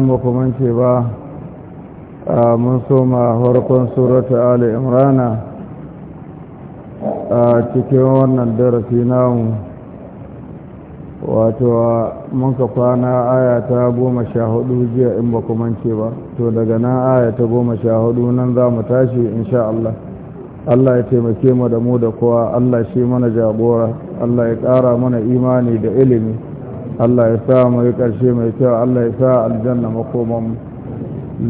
ba a ce ba mun soma farkon suratu ali imrana a cikin wannan darasi namu wato mun ka kwana aya ta goma sha hudu jiya in ba ce ba to daga nan aya ta goma sha hudu nan za mu tashi insha Allah Allah ya taimake mu da mu da kowa Allah shi mana jagora Allah ya ƙara mana imani da ilimi Allah ya sa mu yi ƙarshe mai kyau Allah ya sa aljanna makoman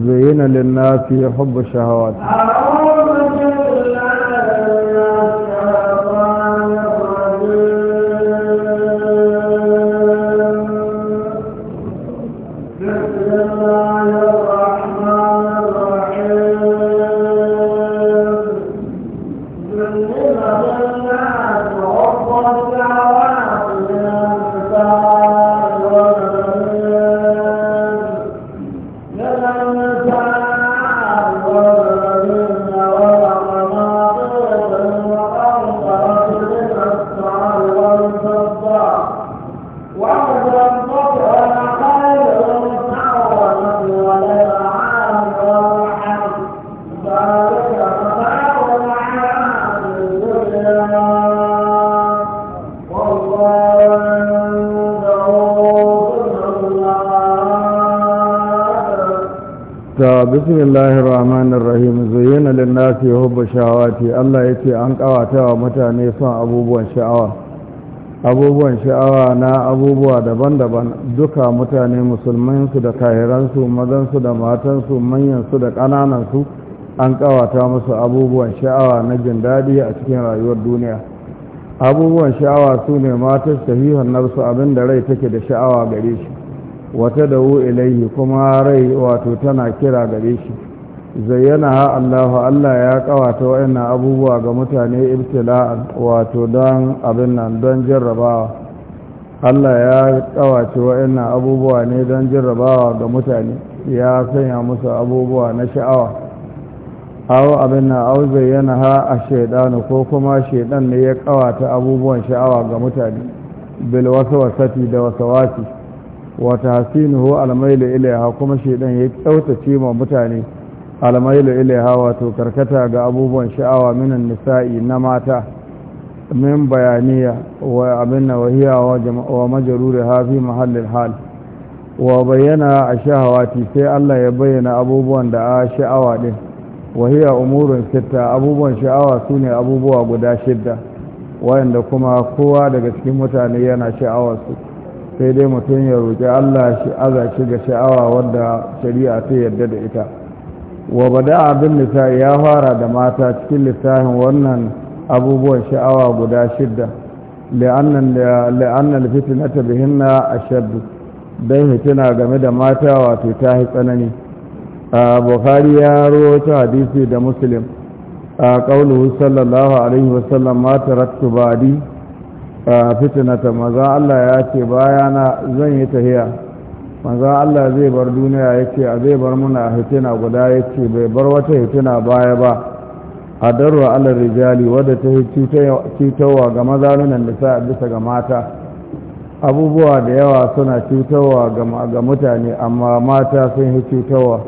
zayyana lin nasi hubbu shahawat بسم الله rahim الرحيم زين للناس sha'awa ce Allah yace an ƙawata wa mutane son abubuwan sha'awa abubuwan sha'awa na abubuwa daban-daban duka mutane musulman su da kahiran su mazan su da matan su manyan su da ƙananan su an ƙawata musu abubuwan sha'awa na jin dadi a cikin rayuwar duniya abubuwan sha'awa su ne matar sahihan nafsu abin da rai take da sha'awa gare shi wata da wu ilaihi kuma rai wato tana kira gare shi zayyana ha allahu allah ya kawata wa'annan abubuwa ga mutane ibtila'an wato don abin nan don jarrabawa allah ya kawace wa'annan abubuwa ne don jarrabawa ga mutane ya sanya musu abubuwa na sha'awa aw abin na aw zayyana ha a shaidanu ko kuma shaidan ne ya kawata abubuwan sha'awa ga mutane bil wasu wasati da wasawasi wata hasinuhu almailu ilaiha kuma shedan ya kyautace ma mutane almailu ilaiha wato karkata ga abubuwan sha'awa minan nisa'i na mata min bayaniya wa abin na wa majaruri hafi mahallin hal wa bayyana a shahawati sai Allah ya bayyana abubuwan da a sha'awa din wahiya umurin sitta abubuwan sha'awa su ne abubuwa guda shidda wayanda kuma kowa daga cikin mutane yana sha'awarsu. su sai dai mutum ya roƙi Allah shi aza ga sha'awa wanda shari'a ta yarda da ita wa bada abin nisa ya fara da mata cikin lissafin wannan abubuwan sha'awa guda shidda la'annan fitinata na ashaddu don hitina game da mata wato ta yi tsanani a bukhari ya rawaito hadisi da muslim a qauluhu sallallahu alaihi wasallam mata taraktu ba'adi fitinata maza Allah ya ce bayana zan yi tahiya maza Allah zai bar duniya ya ce a zai bar muna hitina guda ya ce bai bar wata hitina baya ba a darwa Allah rijali wadda ta yi cutarwa ga maza mazalunan da sa bisa ga mata abubuwa da yawa suna cutarwa ga mutane amma mata sun yi cutarwa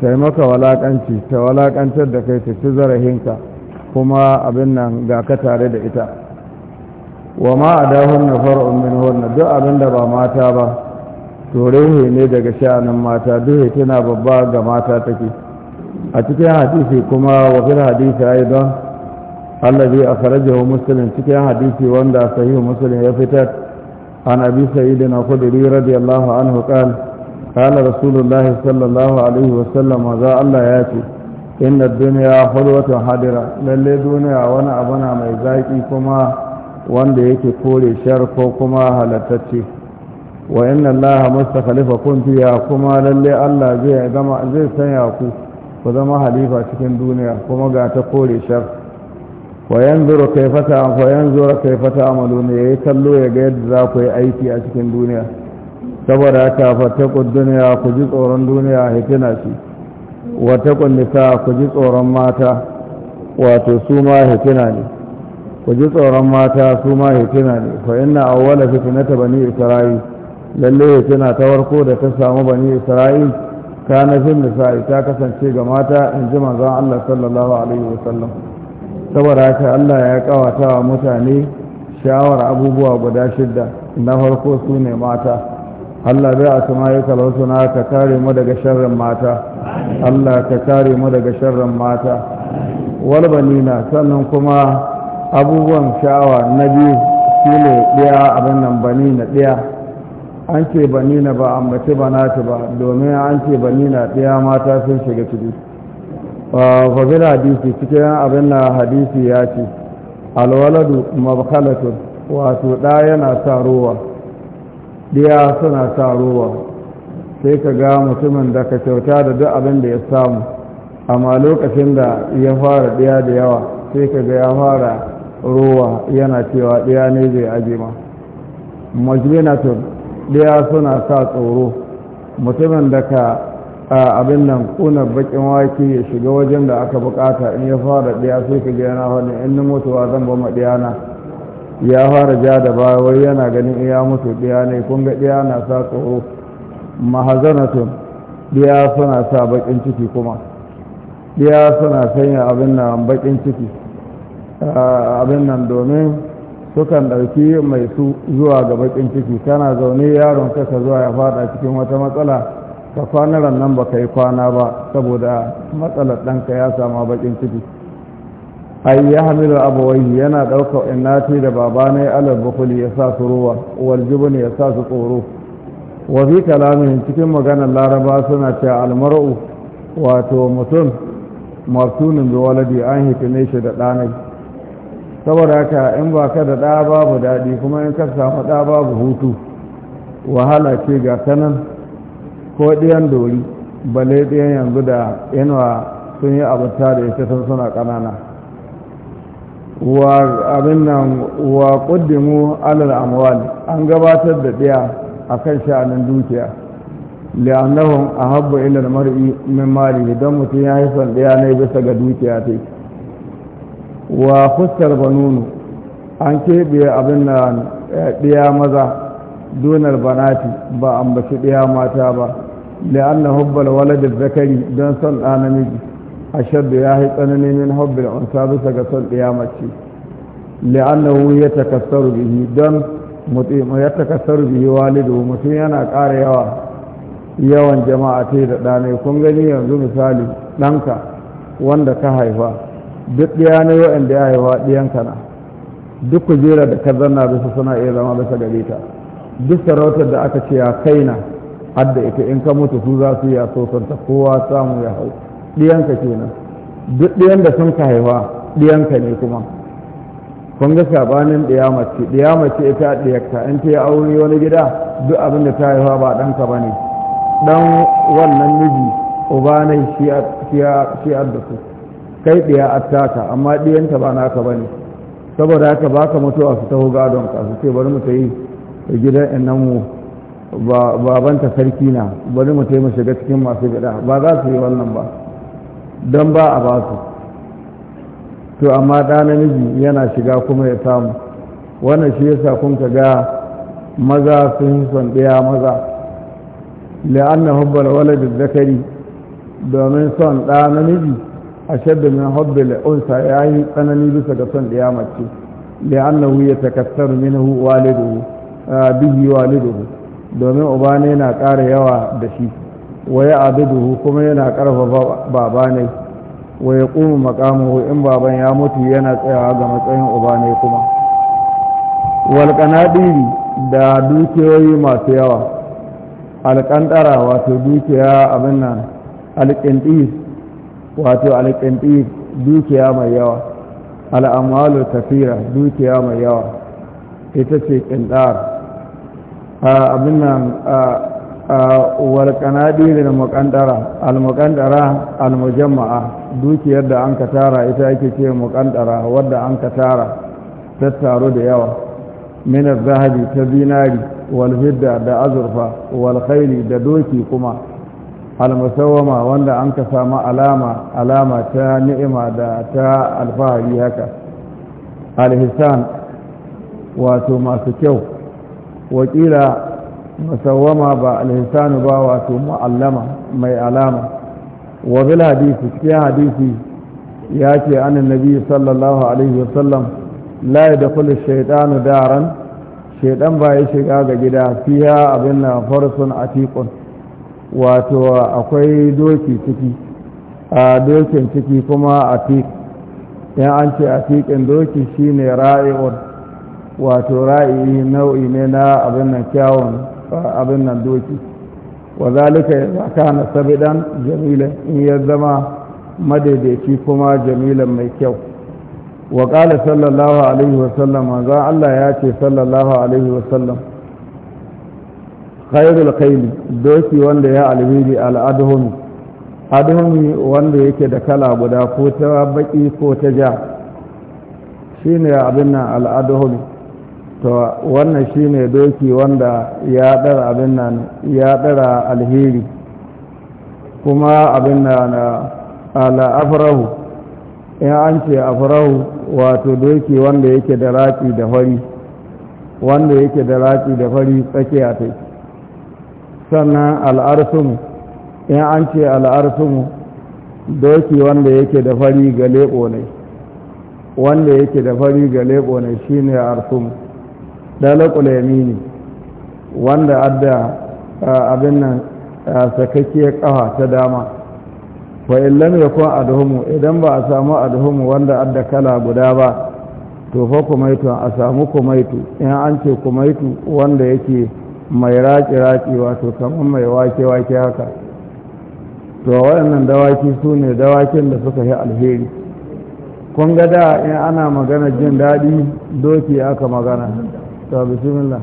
taimaka walakanci ta walakantar da kai ta ci zarahinka kuma abin nan ga ka tare da ita wa ma a dahun na fara'un min wannan duk abin da ba mata ba turehe ne daga sha'anin mata duhe tana babba ga mata take a cikin hadisi kuma wa fil hadisi aidan a akhrajahu muslim cikin hadisi wanda sahihu muslim ya fitar an abi sa'id na khudri radiyallahu anhu qala قال رسول الله صلى الله عليه وسلم وذا الله ياتي إن الدنيا حلوة حاضرة للي دنيا وانا mai zaƙi kuma. wanda yake kore shar ko kuma halattacce wa inna allaha mustakhlifa kun fiya kuma lalle Allah zai zama zai sanya ku ku zama halifa cikin duniya kuma ga ta kore shar wa yanzuru kayfa ta wa yanzuru kayfa ta'maluna yayi kallo ya ga yadda za ku yi aiki a cikin duniya saboda haka ku duniya ku ji tsoron duniya hikina ce wa ku nisa ku ji tsoron mata wato su ma hikina ne ku ji tsoron mata su ma hitina ne fa inna awwala fitnata bani isra'il lalle hitina ta warko da ta samu bani isra'il kana jin nisa'i ta kasance ga mata in ji manzon Allah sallallahu alaihi sallam saboda haka Allah ya kawata wa mutane shawar abubuwa guda shidda na farko su ne mata Allah bai a sama ya ka kare mu daga sharrin mata Allah ka kare mu daga sharrin mata walbanina sannan kuma abubuwan sha'awa na biyu shi ne ɗaya abin nan bani na ɗaya an ce bani na ba mace ba nati ba domin an ce bani na ɗaya mata sun shiga ciki fazil hadisi cikin abin na hadisi ya ce alwaladu mabkhalatun wato ɗa yana sa ruwa ɗaya suna sa ruwa sai ka ga mutumin da ka kyauta da duk abin da ya samu amma lokacin da ya fara ɗaya da yawa sai ka ga ya fara ruwa yana cewa ɗaya ne zai aje ma majminatun ɗaya suna sa tsoro mutumin da ka abin nan kuna bakin waki ya shiga wajen da aka bukata in ya fara ɗaya sai ka ga yana wani in ni mutuwa zan ba ɗaya na ya fara ja da baya wai yana ganin iya mutu ɗaya ne kun ga ɗaya na sa tsoro mahazanatun ɗaya suna sa bakin ciki kuma ɗaya suna sanya abin nan bakin ciki abin nan domin sukan ɗauki mai su zuwa ga bakin ciki kana zaune yaron ka zuwa ya fada cikin wata matsala ka kwanaran nan ba ka yi kwana ba saboda matsalar ɗanka ya a bakin ciki ai ya hamilu abawai yana ɗauka innati da baba ne alal bukuli ya sa su ruwa ne ya sa su tsoro wa kalamin cikin maganar laraba suna ce almar'u wato mutum martunin bi waladi an hifine shi da ɗanai saboda haka in ba ka da ɗaya babu daɗi kuma in ka samu ɗa babu hutu wahala ce ga kanan ko ɗiyan dori bale ɗiyan yanzu da yanwa sun yi abuta da ita sun suna ƙanana wa abin nan wa ƙuddimu alal amwal an gabatar da ɗiya a kan sha'anin dukiya li'annahum ahabbu ila al-mar'i min malihi don mutum ya yi son ɗiya ne bisa ga dukiya take wa fuskar banunu an keɓe abin na eh, ɗiya maza donar banati ba ambaci ɗiya mata ba na hubbar waladin zakari don son ɗa namiji a shaddu ya yi tsanani min an sa bisa ga son ɗiya mace la'annahu ya takassaru bihi don mutum ya takassaru bihi walidu mutum yana ƙara yawa yawan jama'a ce da ɗanai kun gani yanzu misali ɗanka wanda ka haifa duk ɗaya ne da ya haifa ɗiyan kana duk kujera da ka zanna bisa suna iya zama bisa gare ta duk sarautar da aka ce ya na, hadda ita in ka mutu su za su ya ta, kowa samu ya hau ɗiyanka kenan duk ɗiyan da sun ka haifa ɗiyanka ne kuma kun ga sabanin ɗiya mace ita ɗiyarta. in ta yi aure wani gida duk abin da ta haifa ba ɗanka ba ne ɗan wannan miji uba ne shi a da su kai ɗaya attaka amma ɗiyanta ba naka ba ne saboda haka ba ka a su taho gadon ka su ce bari mu ta yi gidan innanmu babanta sarki na bari mu ta yi mu shiga cikin masu gida ba za su yi wannan ba don ba a ba su to amma ɗa namiji yana shiga kuma ya samu wannan shi yasa kun ka ga maza sun son ɗaya maza la'anna hubbal walad zakari domin son ɗa namiji ashaddu min hubbil unsa yayi tsanani bisa ga son ɗaya mace da ya yatakassaru minhu waliduhu bihi waliduhu domin uba ne yana ƙara yawa da shi wa ya kuma yana ƙarfafa baba ne wa ya kuma makamuhu in baban ya mutu yana tsayawa ga matsayin uba ne kuma walƙanadiri da dukiyoyi masu yawa alƙantara wato dukiya abin nan alƙintis wato alƙinɗi dukiya mai yawa al'amalu tafira dukiya mai yawa ita ce ƙinɗar abin nan walƙanadirin muƙandara al-muƙandara al-mujamma'a dukiyar da an ka tara ita ake ce muƙandara wadda an ka tara ta taro da yawa minar zahari ta zinari walhidda da azurfa walkhairi da doki kuma almusawwama wanda an ka samu alama alama ta ni'ima da ta alfahari haka alhisan wato masu kyau wakila musawwama ba alhisanu ba wato mu'allama mai alama wa bil hadisi cikin hadisi ya ce annan nabi sallallahu alaihi wasallam la yadkhulu shaytanu daran shaytan ba ya shiga ga gida fiha abin farsun atiqun wato akwai doki ciki a dokin ciki kuma a fik in an ce a fikin doki shine ra'i'un wato ra'i'i nau'i ne na abin nan kyawun abin nan doki wa zalika ya kana sabidan Jamila. in ya zama madaidaici kuma jamilan mai kyau wa ƙala sallallahu alaihi wasallam manzan Allah ya ce sallallahu alaihi wasallam khairul khayli doki wanda ya alwili al'adhum adhum wanda yake da kala guda ko ta baki ko ta ja shine abin nan al'adhum to wannan shine doki wanda ya dara abin nan ya dara alheri kuma abin nan al'afrahu in an ce afrahu wato doki wanda yake da raki da fari wanda yake da raki da fari tsakiya take sannan al'arsumu in an ce al'arsumu doki wanda yake da fari ga leɓo ne wanda yake da fari ga leɓo ne shi ne arsumu ɗalakulemi ne wanda adda abin nan sakakkiyar ƙafa ta dama wa illam yakun adhumu idan ba a samu adhumu wanda adda kala guda ba to fa kumaitu a samu kumaitu in an ce kumaitu wanda yake mai raƙi-raƙi wato kamar mai wake-wake haka to waɗannan dawaki su ne dawakin da suka yi alheri kun ga da in ana magana jin daɗi doki aka magana to bismillah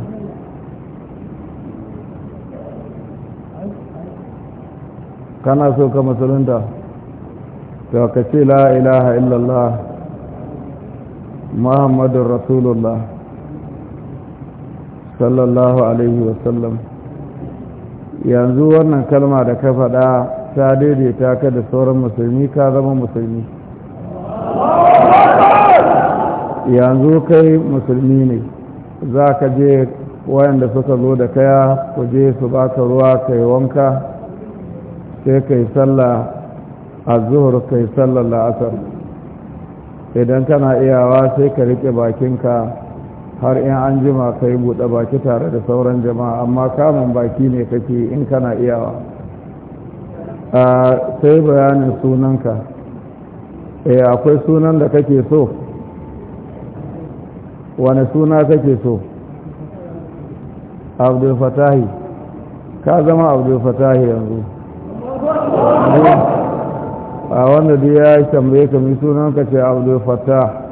kana so ka musulunta to ka ce la ilaha illallah muhammadun rasulullah sallallahu alaihi wasallam yanzu wannan kalma da ka faɗa ta daidaita ka da sauran musulmi ka zama musulmi yanzu kai musulmi ne za ka je wayanda suka zo da kaya ku je su baka ruwa ka yi wanka sai ka yi sallah a zuhur ka yi sallah la'asar idan kana iyawa sai ka riƙe bakinka har in an jima ka yi buɗe baki tare da sauran jama'a amma kamun baki ne kake in kana iyawa sai bayanin sunanka e akwai sunan da kake so wani suna kake so abdul fatahi ka zama abdul fatahi yanzu a wanda da ya tambaye ka sunanka ce abdul fatahi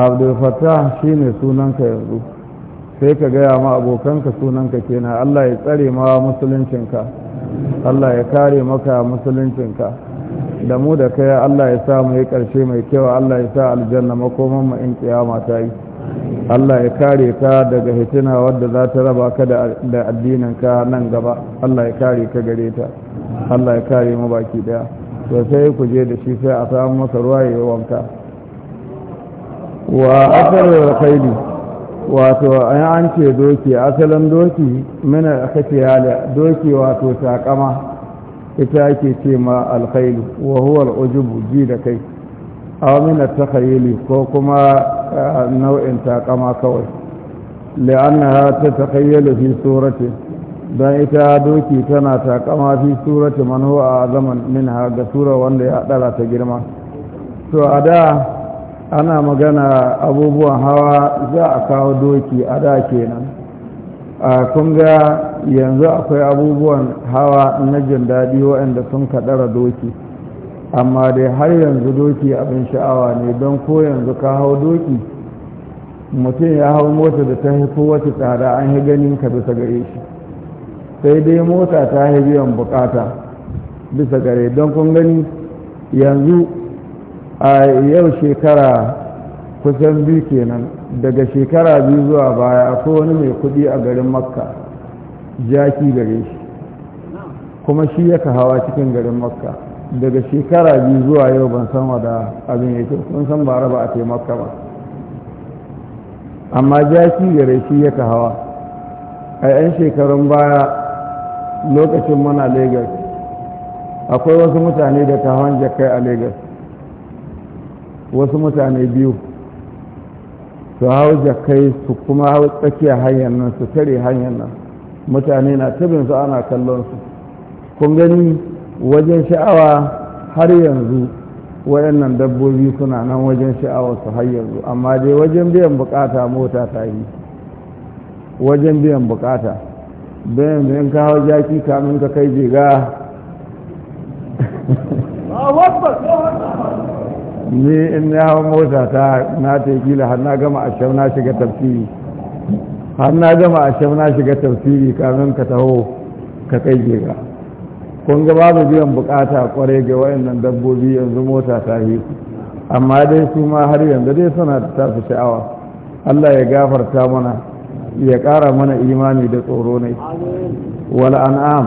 abdulfattah shine sunanka yanzu sai ka gaya ma abokanka sunanka kenan allah ya tsare ma musuluncinka allah ya kare maka musuluncinka da mu da kai allah ya sa mu yi ƙarshe mai kyau allah ya sa aljanna makoman mu in kiyama ta yi Allah ya kare ka daga hitina wadda za ta raba ka da ka nan gaba Allah ya kare ka gare ta Allah ya kare mu baki daya to sai ku je da shi sai a samu masa ruwa ya wanka wa asarar khailu wato an ce doki asalin doki mina katiya doki wato takama ita ake ce ma alkhailu wa huwa al'ujubu ji da kai amina min at ko kuma nau'in takama kawai ta tatakhayyalu fi surati dan ita doki tana takama fi surati man huwa azaman minha ga sura wanda ya dara ta girma to a da ana magana abubuwan hawa za a kawo doki a da kenan a kun ga yanzu akwai abubuwan hawa na jin daɗi waɗanda sun kaɗara doki amma dai har yanzu doki abin sha'awa ne don ko yanzu ka hau doki mutum ya hau mota da ta haifo wata tsada an yi ganin ka bisa gare shi sai dai mota ta haifiyan bukata bisa gare don kun gani yanzu a yau shekara kusan biyu kenan daga shekara biyu zuwa baya akwai wani mai kudi a garin makka jaki gare shi kuma shi ya hawa cikin garin makka daga shekara biyu zuwa yau ban san wada abin yake kun san ba raba a ce makka ba amma jaki gare shi ya hawa a 'yan shekarun baya lokacin muna Legas akwai wasu mutane da ta hawan jakai a Legas. wasu mutane biyu su hau jakai su kuma hau tsakiyar hanyar nan su tare hanyar nan mutane na tabin su ana kallon su kun gani wajen sha'awa har yanzu waɗannan dabbobi suna nan wajen sha'awar su har yanzu amma dai wajen biyan bukata mota ta yi wajen biyan bukata bayan bayan ka hau jaki kamun ka kai jiga ni in ya hawa mota ta na ta har na gama asham na shiga tafsiri har na gama asham na shiga tafsiri kamin ka taho ka kai gega kun ga babu biyan bukata kwarai ga wayannan dabbobi yanzu mota ta yi amma dai su ma har yanzu dai suna ta tafi sha'awa Allah ya gafarta mana ya ƙara mana imani da tsoro ne wal an'am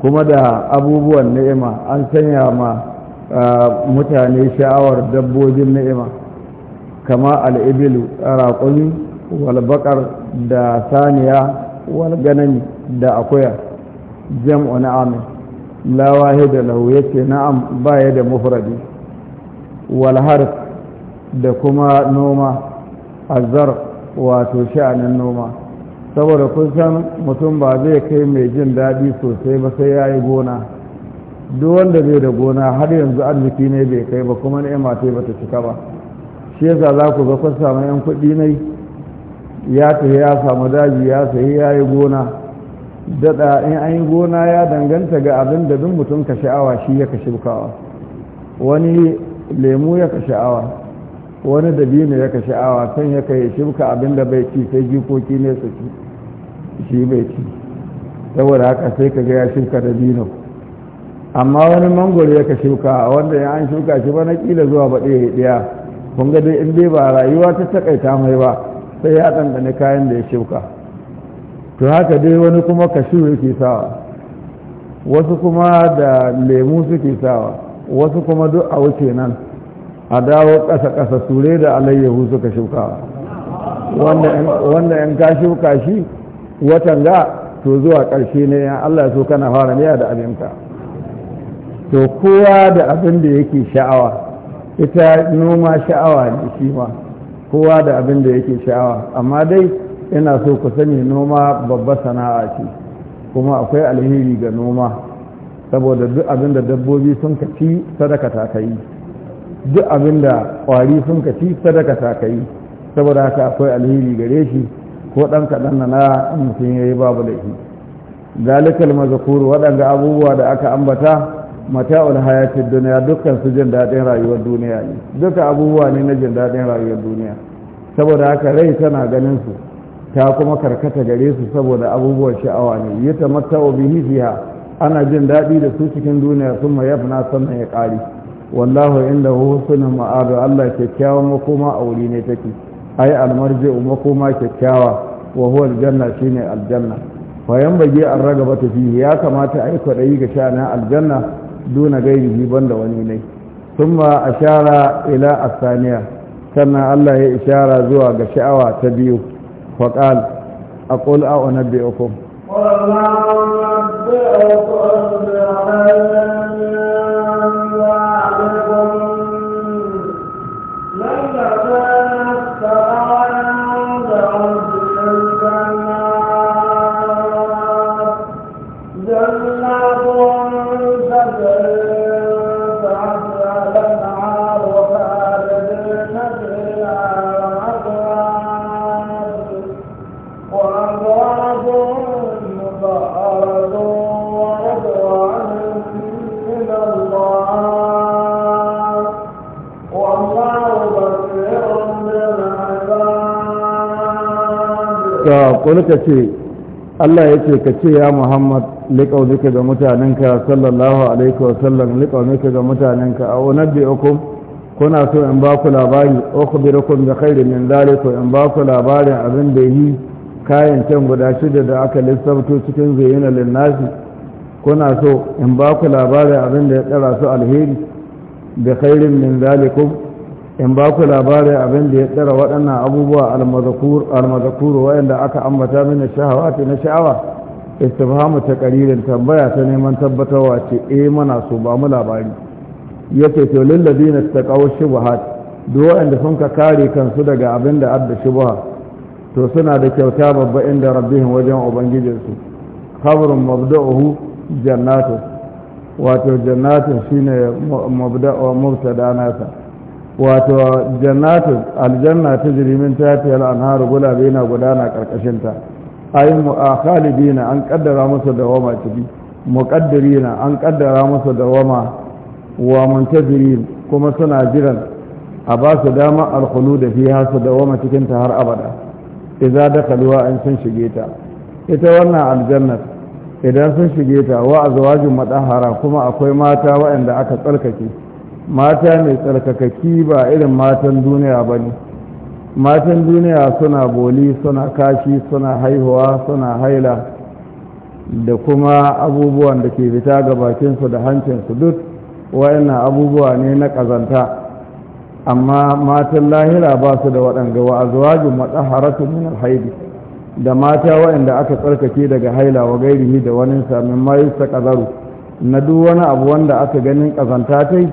kuma da abubuwan ni'ima an sanya ma mutane sha'awar dabbobin ni'ima kama al'ibilu raƙumi walbaƙar da saniya walganami da akuya jam'u na'amin lawahi da lahu yake na'am baya da mufradi walhar da kuma noma azar wato sha'anin noma saboda kun san mutum ba zai kai mai jin daɗi sosai ba sai ya yi gona duk wanda bai da gona har yanzu arziki ne bai kai ba kuma ni'ima ta ba ta cika ba shi yasa za ku ga kun samu yan kuɗi ne ya tafi ya samu daji ya sayi ya yi gona daɗa in an yi gona ya danganta ga abin da duk mutum ka sha'awa shi ya ka shibkawa wani lemu ya ka sha'awa wani dabino ya ka sha'awa kan ya kai shibka abin da bai ci sai jikoki ne su ci shi bai ci saboda haka sai ka ga ya shibka dabino amma wani mangoro ya ka shuka wanda ya an shuka shi ba na kila zuwa baɗe ya ɗaya kun ga dai in dai ba rayuwa ta takaita mai ba sai ya ɗanɗani kayan da ya shuka to haka dai wani kuma kashu yake sawa wasu kuma da lemu suke sawa wasu kuma duk a wuce nan a dawo ƙasa-ƙasa sure da alayyahu suka shuka wanda in ka shuka shi watan ga to zuwa ƙarshe ne ya Allah so kana fara miya da abinka to kowa da abin da yake sha'awa ita noma sha'awa ne shi ma kowa da abin da yake sha'awa amma dai ina so ku sani noma babba sana'a ce kuma akwai alheri ga noma saboda duk abin da dabbobi sun ka ci sadaka ta kai duk abin da kwari sun ka ci sadaka ta kai saboda haka akwai alheri gare shi ko ɗan kaɗan na mutum ya yi babu da shi. zalikal mazakur waɗanda abubuwa da aka ambata mata'ul hayatid duniya dukkan su jin daɗin rayuwar duniya ne duka abubuwa ne na jin daɗin rayuwar duniya saboda haka rai tana ganin su ta kuma karkata gare su saboda abubuwan sha'awa ne yata ta mata'u bihi fiha ana jin daɗi da su cikin duniya sun ma yafna sannan ya kari wallahu inda hu husnul ma'ad Allah kyakkyawan makoma a wuri ne take ai almarji'u makoma kyakkyawa wa huwa aljanna shine aljanna fa yanbaghi an ragaba fihi ya kamata ai kwadayi ga sha'anin aljanna duna gairihi banda wani ne ثم أشار إلى الثانية كما الله إشارة زوى شعوى تبيو فقال أقول أو أنبئكم قل أنبئكم بحيث ta kulka ce Allah ya ce ka ce ya Muhammad liƙaunika ga mutanenka sallallahu alaihi wasallam liƙaunika ga mutanenka a unabbi ukum kuna so in ba ku labari ukhbirukum bi khairin min ko in ba ku labarin abin da yi kayan can guda shida da aka lissafto cikin zayyana linnasi kuna so in ba ku labarin abin da ya tsara su alheri bi khairin min ko. in ba ku labarin abin da ya tsara waɗannan abubuwa almazakuru waanda aka ambata mini ce na sha'awa istifhamu ta ƙaririn tambaya ta neman tabbatarwa ce e eh mana so ba mu labari ya ce to lillazina ta kawo shubuhat duk waɗanda sun ka kare kansu daga abin da adda shubuha to suna da kyauta babba inda rabbihin wajen ubangijinsu khabrun mabda'uhu jannatu wato jannatin shine mabda'a mubtada nasa wato jannatu aljanna ta jirimin ta fi al'anhar gula na gudana ƙarƙashinta ai khalidina an kaddara musu da wama ciki muqaddirina an kaddara musu da wama wa muntazirin kuma suna jiran a ba su dama alkhulu da fiha su wama cikin ta har abada idza dakhaluha an sun shige ta ita wannan aljannat idan sun shige ta wa azwajin madahara kuma akwai mata waɗanda aka tsarkake mata mai tsarkakaki ba irin matan duniya ba ne matan duniya suna boli suna kashi suna haihuwa suna haila da kuma abubuwan da ke fita ga bakinsu da hancinsu duk wayannan abubuwa ne na ƙazanta amma matan lahira ba su da waɗanda wa azwajin matsaharatun min alhaidi da mata waɗanda aka tsarkake daga haila wa gairihi da wani samin mayu ta ƙazaru na duk wani abu wanda aka ganin ƙazanta ta yi?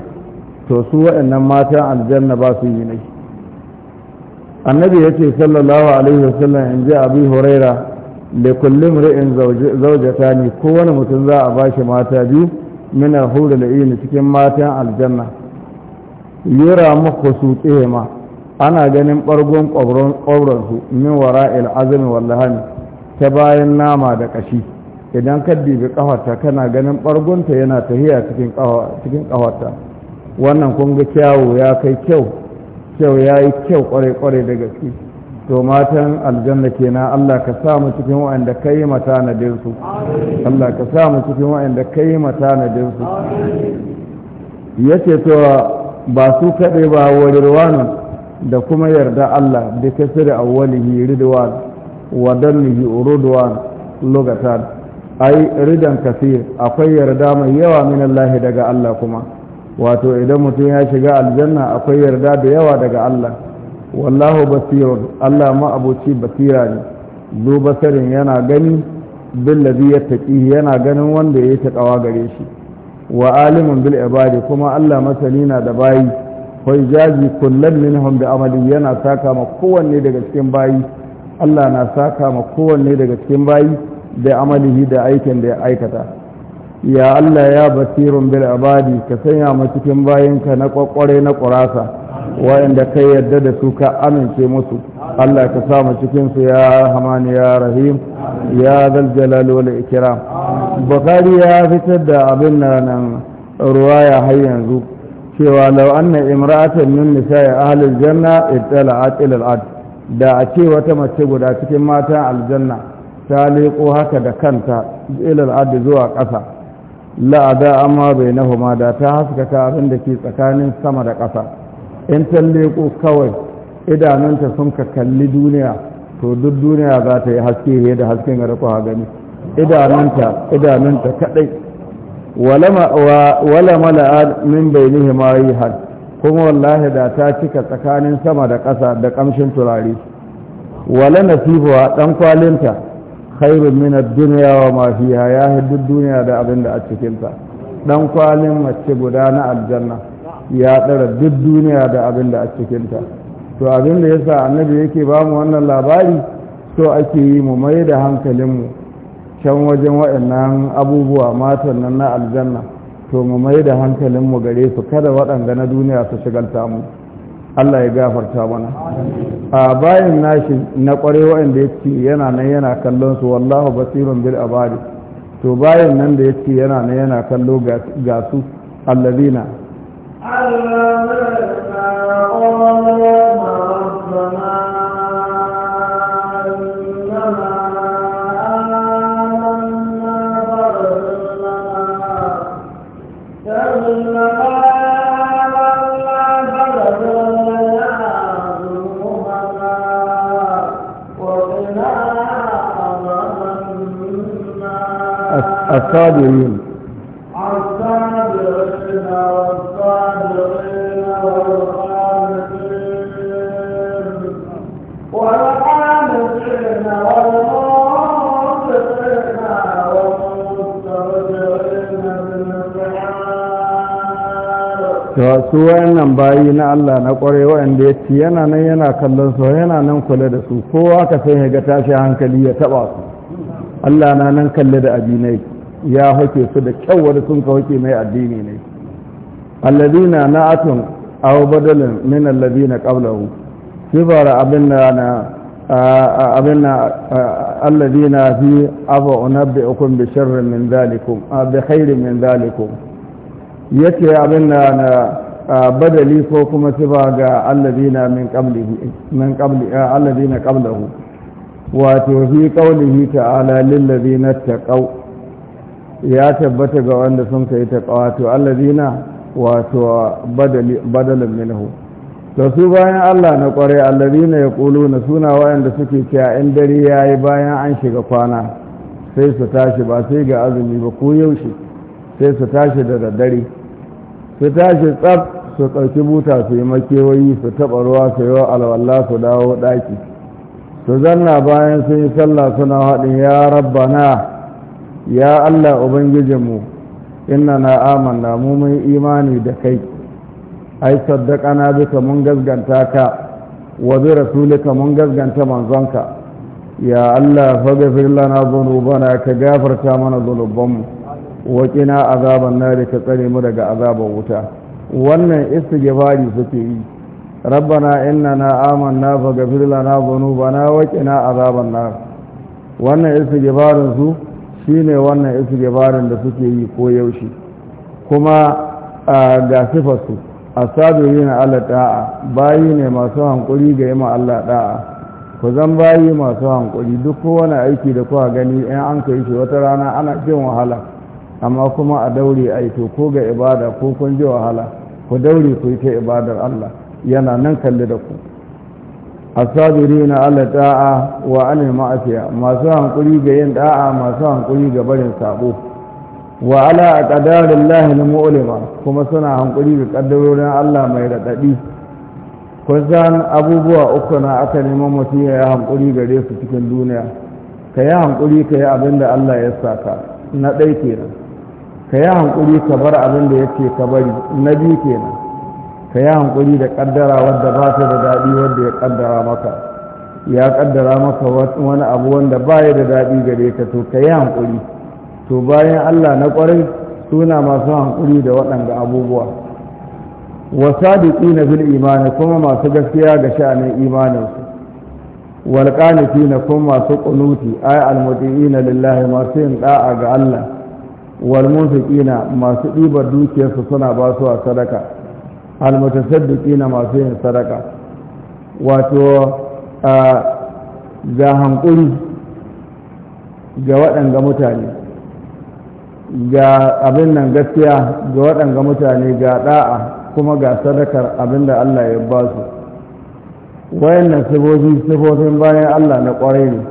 to su waɗannan matan aljanna ba su yi ne annabi ya ce sallallahu alaihi wasallam in ji abi huraira da kullum ri'in zaujata ne kowane mutum za a ba shi mata biyu mina hura da ini cikin matan aljanna yura muku su tsema ana ganin ɓargon ƙwauransu min wara'il azumi wallahani ta bayan nama da ƙashi idan ka dibi ƙafarta kana ganin ɓargonta yana tahiya cikin ƙafarta wannan kun ga kyawu ya kai kyau kyau ya yi kyau kware-kware da gaske to matan aljanna kenan Allah ka sa mu cikin wa'anda ka yi mata na su Allah ka sa mu cikin wa'anda ka yi mata na su ya ce to ba su kaɗai ba wa ridwanun da kuma yarda Allah bi kasri awwalihi ridwan wa dallihi urudwan lokacin. ai ridan kafir akwai yarda mai yawa min Allah daga Allah kuma wato idan mutum ya shiga aljanna akwai yarda da yawa daga Allah wallahu basirun Allah ma abuci basira ne zo basarin yana gani billazi yattaqi yana ganin wanda ya yi takawa gare shi wa alimun bil ibadi kuma Allah masani na da bayi kai jaji kullun minhum bi amali yana saka ma kowanne daga cikin bayi Allah na saka ma kowanne daga cikin bayi da amalihi da aikin da ya aikata ya Allah ya basirun bil abadi ka sanya mu cikin bayinka na kwakware na kurasa wa'anda kai yadda da su ka amince musu Allah ka sa mu cikin su ya Rahman ya Rahim ya Zal Jalal wal Ikram Bukhari ya fitar da abin nan ruwaya har yanzu cewa law anna imra'atan min nisa'i ahli janna ittala'at ila al-ard da a ce wata mace guda cikin matan aljanna ta leko haka da kanta ila al-ard zuwa ƙasa la'ada amma bai nahuma da ta haskaka abin da ke tsakanin sama da ƙasa in ta leko kawai idanunta sun ka kalli duniya to duk duniya za ta yi haske ne da hasken ga da gani idanunta idanunta kaɗai wala mala'a min yi har kuma wallahi da ta cika tsakanin sama da ƙasa da ƙamshin turare wala nasibuwa ɗan kwalinta khairun min ad-dunya wa ma fiha ya duniya da abin da a cikin ta dan kwalin mace guda na aljanna ya dara duk duniya da abin a cikin to abin da yasa annabi yake ba mu wannan labari so ake yi mu mai da hankalinmu can wajen waɗannan abubuwa matan nan na aljanna to mu mai da hankalinmu gare su kada waɗanda na duniya su shigalta mu Allah ya gafarta mana a bayan nashi na kware wa'anda ya ce yana nan yana kallon su wallahu basirun bil abadi to bayan nan da ya ce yana nan yana kallo ga su allazina Allah الصادرين الصابرين والصابرين والقانتين su wayannan bayi na Allah na kware wayanda ya ci yana nan yana kallon su yana nan kula da su kowa ka sai ya ga tashi hankali ya taba su Allah na nan kalle da abinai ya hake su da kyau wani sun ka hake mai addini ne alladina na'atun aw badalin min alladina qablahu sifara abinna na abinna alladina fi afa unabbi'ukum bi sharrin min zalikum bi khairin min zalikum yake abinna na badali ko kuma tiba ga alladina min qablihi min qabli alladina qablahu wa tuhi qawlihi ta'ala lil ladina taqaw ya tabbata ga wanda sun kai ta kawato allazina wato badalin minhu to su bayan Allah na kware allazina na suna wayanda suke cewa in dare yayi bayan an shiga kwana sai su tashi ba sai ga azumi ba ko yaushe sai su tashi da daddare su tashi tsab su ɗauki buta su yi makewayi su taɓa ruwa su yi alwallah su dawo ɗaki su zanna bayan sun yi sallah suna haɗin ya na. ya Allah ubangijinmu inna na amanna mu mun imani da kai ai na bika mun gazganta ka wa bi rasulika mun gasganta manzonka ya Allah faghfir lana dhunubana ka gafarta mana dhunubanmu wa qina azaban nar ka tsare mu daga azaban wuta wannan istighfari suke yi ربنا amanna faghfir lana dhunubana wa qina azaban nar wannan istighfarin su Shi ne wannan gabarin da suke yi ko yaushe kuma ga sifarsu na Allah ta'a bayi ne masu hankuri ga yi Allah da'a ku zan bayi masu hankuri duk kowane aiki da kowa gani in an kai shi wata rana ana jin wahala amma kuma a daure to ko ga ibada ko kun ji wahala ku daure ku yi ta ibadar Allah yana nan kalli da ku asabirina ala da'a wa anil ma'asiya masu hankuri ga yin da'a masu hankuri ga barin sabo wa a qadarin lahi mu'lima kuma suna hankuri ga ƙaddarorin Allah mai radadi kusan abubuwa uku na aka neman mutum ya hankuri gare su cikin duniya ka yi hankuri ka yi abin Allah ya saka na ɗai kenan ka yi hankuri ka bar abinda da yake ka bari na biyu kenan ka yi hankuli da kaddara wanda ba ta da daɗi wanda ya kaddara maka ya kaddara maka wani abu wanda ba ya da daɗi gare ka to ka yi hankuli to bayan allah na ƙwarai suna masu hankuli da waɗanda abubuwa wasadiki na bil imani kuma masu gaskiya ga sha'anin imaninsu walƙanifi na kuma masu ƙunuti ay almuti'i na lillahi masu yin ɗa'a ga allah walmunfiƙina masu ɗibar dukiyarsu suna ba su a sadaka almutasaddiqina masu yin sadaka wato ga hankuri ga waɗanga mutane ga abin nan gaskiya ga waɗanga mutane ga ɗa'a kuma ga sadakar abinda da Allah ya ba su wayannan sifofi sifofin bayan Allah na ƙwarai ne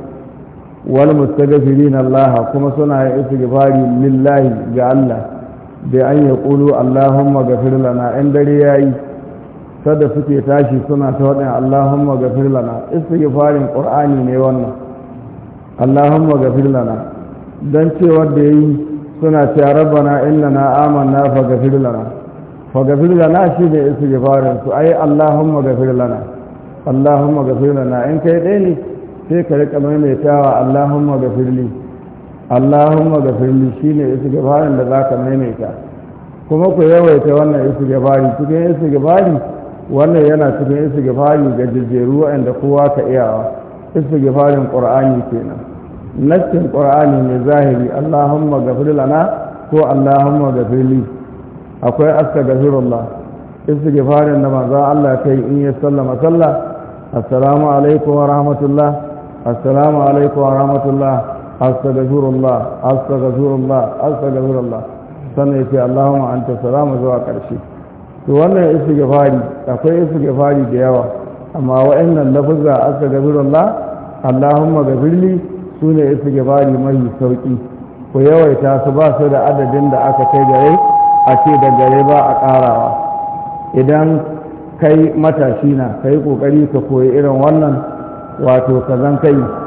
wal mustaghfirin Allah kuma suna yin istighfari lillahi ga Allah da an yi ƙulu allahumma gafir lana in dare ya yi sada suke tashi suna ta waɗin allahumma gafir lana istighfarin ƙur'ani ne wannan allahumma gafir lana dan cewa da yi suna cewa rabbana innana amanna fa gafir lana fa gafir lana shi ne istighfarin su ai allahumma gafir lana allahumma gafir lana in kai dai ne sai ka riƙa maimaitawa allahumma gafir lana Allahumma gafirli shine istighfarin da zaka maimaita kuma ku yawaita wannan istighfari cikin istighfari wannan yana cikin istighfari ga jajjeru inda kowa ka iyawa istighfarin qur'ani kenan nassin qur'ani ne zahiri Allahumma gafir lana ko Allahumma gafirli akwai astaghfirullah istighfarin da manzo Allah kai in ya sallama sallah assalamu alaikum wa rahmatullah assalamu alaikum wa rahmatullah astaghfirullah astaghfirullah astaghfirullah sannan yace Allahumma anta salamu zuwa karshe to wannan istighfari akwai istighfari da yawa amma wa'annan lafuzza astaghfirullah Allahumma ghafirli sune istighfari mai sauki ku yawaita su ba su da adadin da aka kai gare a ce da gare ba a karawa idan kai matashi na kai kokari ka koyi irin wannan wato ka zan kai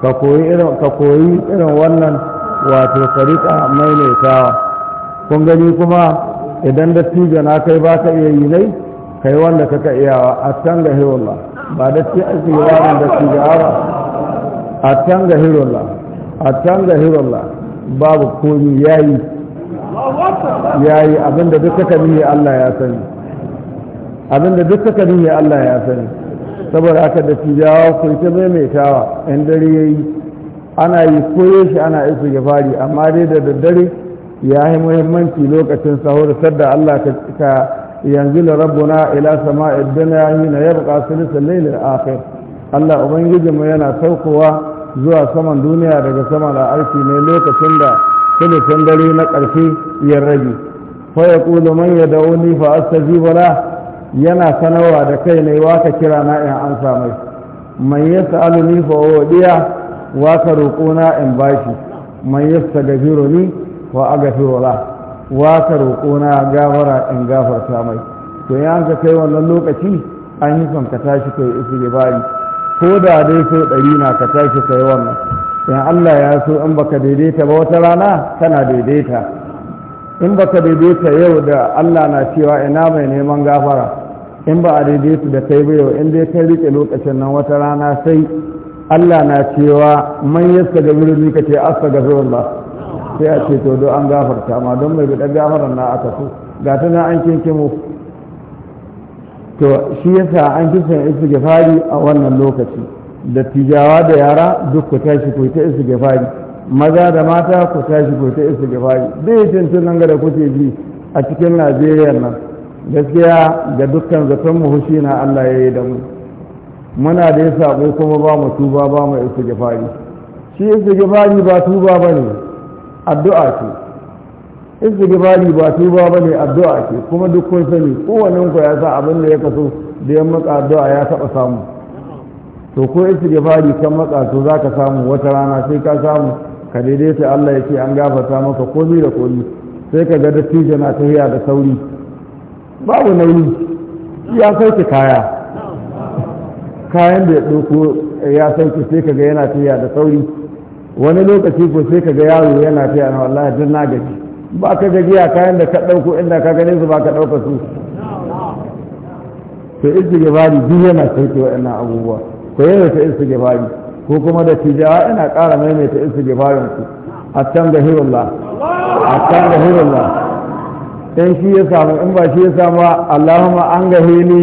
ka koyi irin wannan wato sarika maimaitawa kun gani kuma idan dattijo na kai ba ka iya yi nai kai wanda kaka iyawa a can ga hirunla ba da ci ake yawan ga ara. a can ga hirunla a can ga hirunla babu komi Ya yi abinda duk kabi ya Allah ya sani abinda duk kabi ya Allah ya sani saboda haka da tijawa ku mai tawa yan dare ya yi ana yi koyo shi ana isu fari amma dai da daddare ya yi muhimmanci lokacin sahur sadda Allah ka yanzu da rabbuna ila sama'id dunya hina na sulusul layl lailin akhir Allah ubangiji mu yana saukowa zuwa saman duniya daga sama da arki ne lokacin da sulusun dare na ƙarfi ya rage fa yaqulu man yad'uni fa astajibu lahu yana sanarwa da kai ne wa ka kira na in an samai man ya sa'alu ni fa wa diya wa ka roƙo na in bashi man ya ni wa agafiru la wa ka roƙo na gafara in gafarta mai to ya ka kai wannan lokaci an yi son ka tashi kai istighfari ko da dai so ɗari na ka tashi kai wannan in Allah ya so in baka daidaita ba wata rana kana daidaita in baka daidaita yau da Allah na cewa ina mai neman gafara in ba a daidai su da kai baiwa, in dai kai rike lokacin nan wata rana sai Allah na cewa man yaska ga wurin ka ce asta ga zuwan ba sai a ce to don an gafarta amma don mai bidan gafaran na aka so ga ta na an kinke mu to shi yasa an kisan gafari a wannan lokaci da tijawa da yara duk ku tashi ku ta gafari maza da mata ku tashi ku ta istighfari dai nan ga da kuke ji a cikin Najeriya nan gaskiya ga dukkan zaton mu hushi na Allah ya yi da mu muna da ya sabo kuma ba mu tuba ba mu istighfari shi istighfari ba tuba bane addu'a ce istighfari ba tuba bane addu'a ce kuma duk kun sani kowannen ku ya sa abin da ya kaso da ya matsa addu'a ya taba samu to ko istighfari kan matsa to zaka samu wata rana sai ka samu ka daidaita Allah ya ce an gafarta maka komai da komai sai ka ga dattijo na tafiya da sauri babu nauyi ya sauke kaya kayan da ya ɗauko ya sauke sai kaga yana tafiya da sauri wani lokaci ko sai kaga yaro yana tafiya na wallahi duk na gaji ba ka gajiya kayan da ka ɗauko inda ka gane su ba ka ɗauka su to gabari duk yana sauke waɗannan abubuwa ko yana ta gabari ko kuma da tijawa ina ƙara maimaita istighfarin a can gahirullah attan gahirullah in shi ya samu in ba shi ya samu Allahumma an gahe ni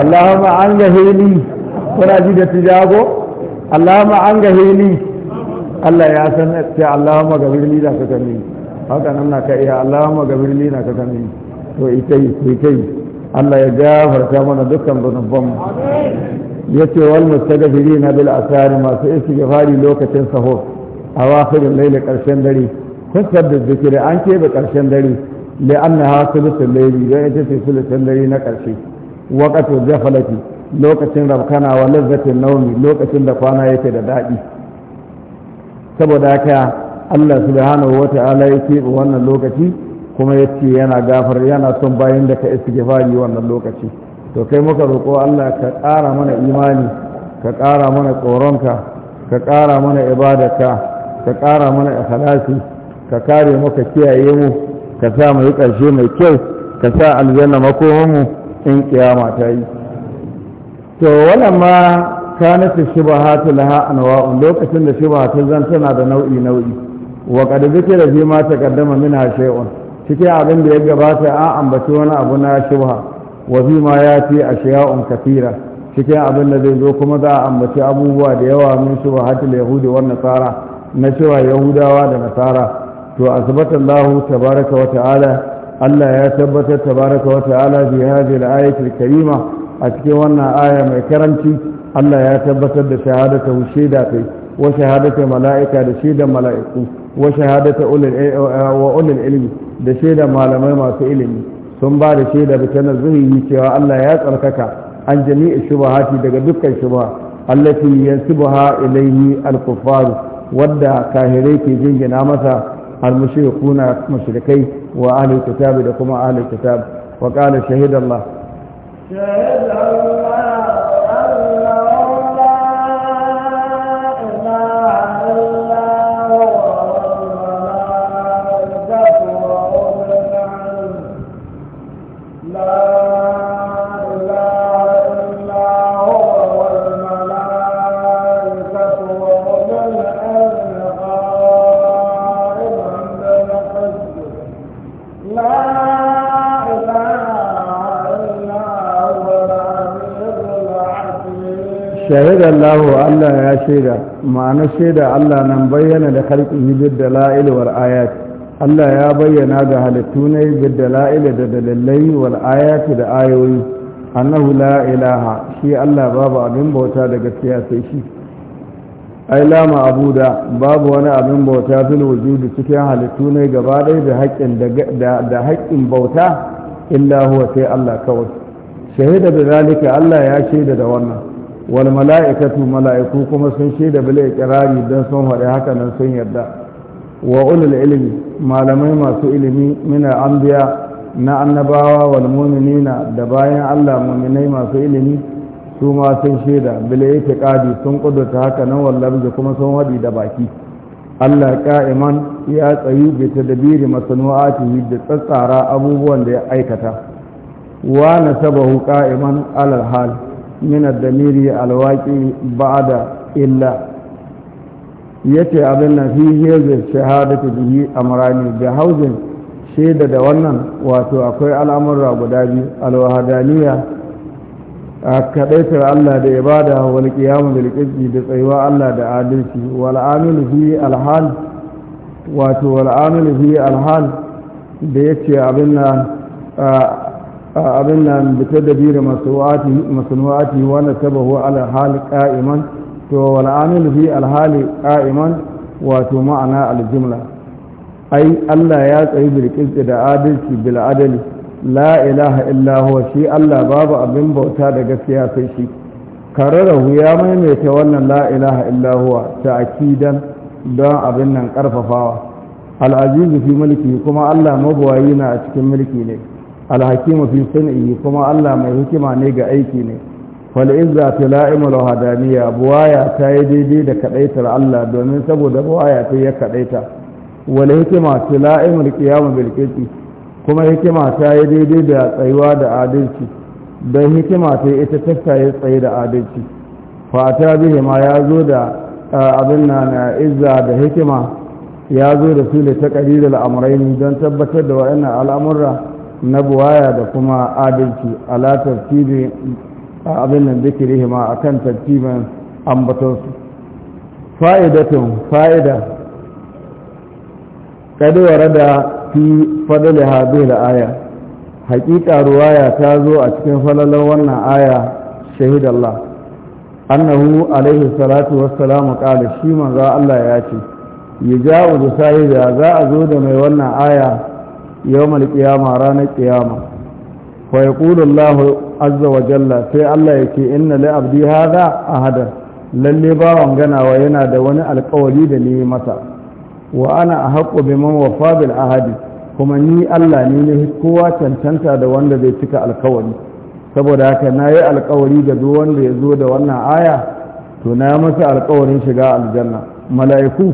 Allahumma an gahe ni kuna ji da tijago Allahumma an gahe ni Allah ya san sai Allahumma gabirli da ka kame haka nan na ka iya Allahumma gabirli na ka ni. to ita yi ita yi, Allah ya gafarta mana dukkan zunuban mu yace wal na bil asari masu istighfari lokacin sahur a wafirin laila karshen dare kusa da zikiri an kebe karshen dare لأنها ثلث الليل لأنها ثلث الليل نكرشي وقت الزفلة lokacin rabkana wa lazzatin naumi lokacin da kwana yake da daɗi saboda haka Allah subhanahu wa ta'ala ya keɓe wannan lokaci kuma ya ce yana gafar yana son bayan da ka istighfari wannan lokaci to kai muka roƙo Allah ka ƙara mana imani ka ƙara mana tsoronka ka ƙara mana ibadarka ka ƙara mana ikhlasi ka kare muka kiyaye mu ka sa mu yi ƙarshe mai kyau ka sa aljanna makomanmu in kiyama ta yi to wannan ma ka kanat ta laha un lokacin da shubahatu zan tana da nau'i nau'i wa da zikira fi ma min minha shay'un cikin abin da ya gabata an ambaci wani abu na shubha wa fi ma yati ashiya'un kafira. cikin abin da zai zo kuma za a ambaci abubuwa da yawa min ta yahudi wa nasara na shubha yahudawa da nasara to asbata Allah tabaraka wa ta'ala Allah ya tabbatar tabaraka wa ta'ala bi hadhihi al-ayati karima a cikin wannan aya mai karanci Allah ya tabbatar da shahadata shaida kai wa shahadata mala'ika da shaida mala'iku wa shahadata ulul ilmi da shaida malamai masu ilimi sun ba da shaida bi tanazzuhi cewa Allah ya tsarkaka an jami'i shubahati daga dukkan shubha allati yansibuha ilayhi al-kuffar wadda kahirai ke jingina masa المشركون مشركي وأهل الكتاب لكم أهل الكتاب وقال شهد الله شهد الله Allahu Allah ya shaida ma'ana shaida Allah nan bayyana da khalqihi bid dalail wal ayat Allah ya bayyana ga halittu ne bid dalail da dalilai wal ayat da ayoyi annahu la ilaha shi Allah babu abin bauta da gaskiya sai shi ai la ma'buda babu wani abin bauta fil wujudi cikin halittu ne gaba ɗaya da haƙƙin da haƙƙin bauta illa huwa sai Allah kawai shahida da zalika Allah ya shaida da wannan wal mala'ikatu mala'iku kuma sun shaida bila iqrari dan sun faɗi haka nan sun yarda wa ulul ilmi malamai masu ilimi min anbiya na annabawa wal mu'minina da bayan Allah mu'minai masu ilimi su ma sun shaida bila iqrari sun kudurta haka nan wallahi kuma sun faɗi da baki Allah ka'iman ya tsayu bi tadbiri masanu'atihi da tsatsara abubuwan da ya aikata wa nasabahu qa'iman alal hal min ad-damiri al-waqi illa yace abin nan fi hezir shahadatu bihi amrani bi hauzin shaida da wannan wato akwai al'amurra guda biyu alwahadaniya a kadaitar Allah da ibada wal qiyam da tsayuwa Allah da adalci wal amil fi alhal wato alhal da yace abin nan abin nan bita da bira masanuwati wanda sabahu alhali ka'iman to wal'amil fi alhali ka'iman wato ma'ana aljumla ai Allah ya tsayi bilkis da adalci bil adali la ilaha illa huwa shi Allah babu abin bauta da gaskiya sai shi kararrahu ya maimaita wannan la ilaha illa huwa don abin nan karfafawa al fi mulki kuma Allah mabwayi na a cikin mulki ne alhakimu fi sun'i kuma Allah mai hikima ne ga aiki ne fal izza tilaimu lahadaniya buwaya ta yi daidai da kadaitar Allah domin saboda buwaya ta ya kadaita wal hikima tilaimu qiyam bil qisti kuma hikima ta yi daidai da tsayuwa da adalci don hikima ta ita ta tsaye da adalci fata bihi ma ya zo da abin na izza da hikima ya zo da su ne ta ƙarirar amrayn don tabbatar da wa'annan al'amurra na buwaya da kuma adalci ala tartibi abin nan a kan tartibin ambatonsu fa'idatun fa'ida ƙadewar da fi fadali habe da aya haƙiƙa ruwaya ta zo a cikin falalar wannan aya shahidallah annahu alaihi salatu wassalamu ƙalashi shi manzo Allah ya ce yi ja'u da za a zo da mai wannan aya يوم القيامة رانا القيامة ويقول الله عز وجل في الله يكي إن لأبدي هذا أهدا للي باوان غنا وينا دوني القولي دني مسا وأنا أحق بمن وفى بالأهد kuma ni Allah ne ne kowa cancanta da wanda zai cika alkawari saboda haka na yi alkawari da duk wanda ya zo da wannan aya to na masa alkawarin shiga aljanna mala'iku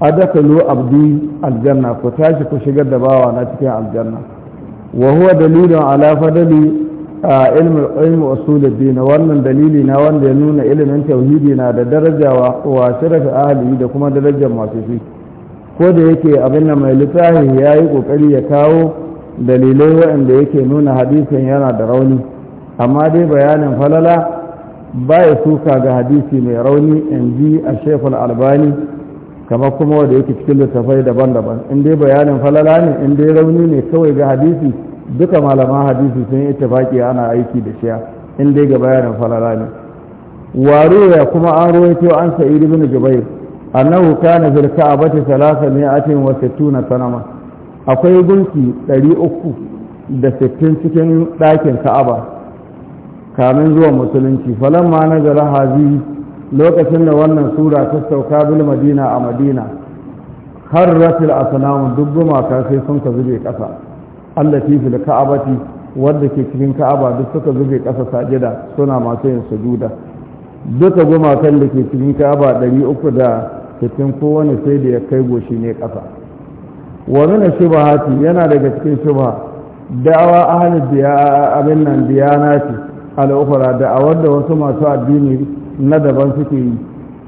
a adakalu abdi aljanna ku tashi ku shigar da bawa na cikin aljanna wa huwa dalilun ala fadali ilmi ilmi usuluddin wannan dalili na wanda ya nuna ilimin tauhidi na da daraja wa sharafi ahli da kuma darajar masu shi ko da yake abin nan mai littafi yayi yi kokari ya kawo dalilai waɗanda yake nuna hadisin yana da rauni amma dai bayanin falala baya suka ga hadisi mai rauni in ji a shekul albani kamar kuma wanda yake cikin littafai daban-daban in dai bayanin falala ne in dai rauni ne kawai ga hadisi duka malaman hadisi sun yi tafaki ana aiki da shiya in dai ga bayanin falala ne ya kuma an rawaito an iri bin jubair annahu kana fil ka'bati 360 sanama akwai gunki 360 cikin dakin ka'aba kamin zuwa musulunci falamma nazara hazi lokacin da wannan sura ta sauka bil madina a madina har harratul asnamu duk gumaka sai sun ka zube ƙasa allati fil ka'abati wanda ke cikin ka'aba duk suka zube ƙasa sajida suna masu yin sujuda duka gumakan da ke cikin ka'aba cikin kowane sai da ya kai goshi ne kasa wa min shubahati yana daga cikin shubha da'awa ahli biya abin nan ci al-ukhra da'awar da wasu masu addini na daban suke yi